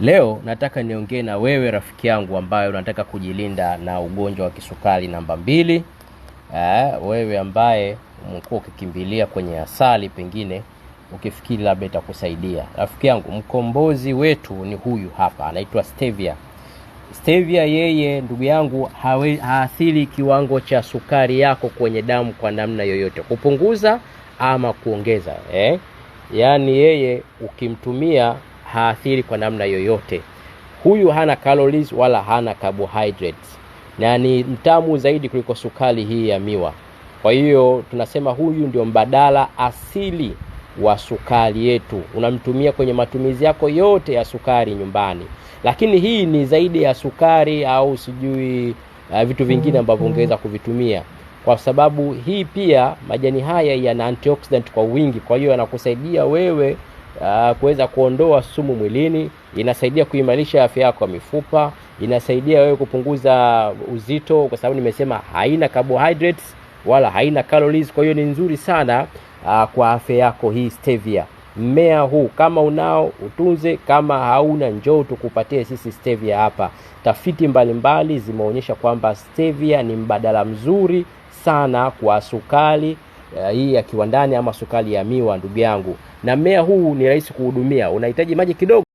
Leo nataka niongee na wewe rafiki yangu ambaye unataka kujilinda na ugonjwa wa kisukari namba mbili. eh, wewe ambaye umekuwa ukikimbilia kwenye asali pengine ukifikiri labda itakusaidia. Rafiki yangu, mkombozi wetu ni huyu hapa, anaitwa stevia. Stevia yeye, ndugu yangu, haathiri kiwango cha sukari yako kwenye damu kwa namna yoyote, kupunguza ama kuongeza eh? Yaani yeye ukimtumia haathiri kwa namna yoyote. Huyu hana calories wala hana carbohydrates na ni mtamu zaidi kuliko sukari hii ya miwa. Kwa hiyo tunasema huyu ndio mbadala asili wa sukari yetu, unamtumia kwenye matumizi yako yote ya sukari nyumbani. Lakini hii ni zaidi ya sukari au sijui uh, vitu vingine ambavyo ungeweza kuvitumia, kwa sababu hii pia majani haya yana antioxidant kwa wingi, kwa hiyo yanakusaidia wewe uh, kuweza kuondoa sumu mwilini, inasaidia kuimarisha afya yako ya mifupa, inasaidia wewe kupunguza uzito, kwa sababu nimesema haina carbohydrates wala haina calories. Kwa hiyo ni nzuri sana uh, kwa afya yako hii stevia. Mmea huu kama unao utunze, kama hauna njoo tukupatie sisi stevia hapa. Tafiti mbalimbali zimeonyesha kwamba stevia ni mbadala mzuri sana kwa sukari Eh, hii ya kiwandani ama sukari ya miwa ndugu yangu, na mmea huu ni rahisi kuhudumia, unahitaji maji kidogo.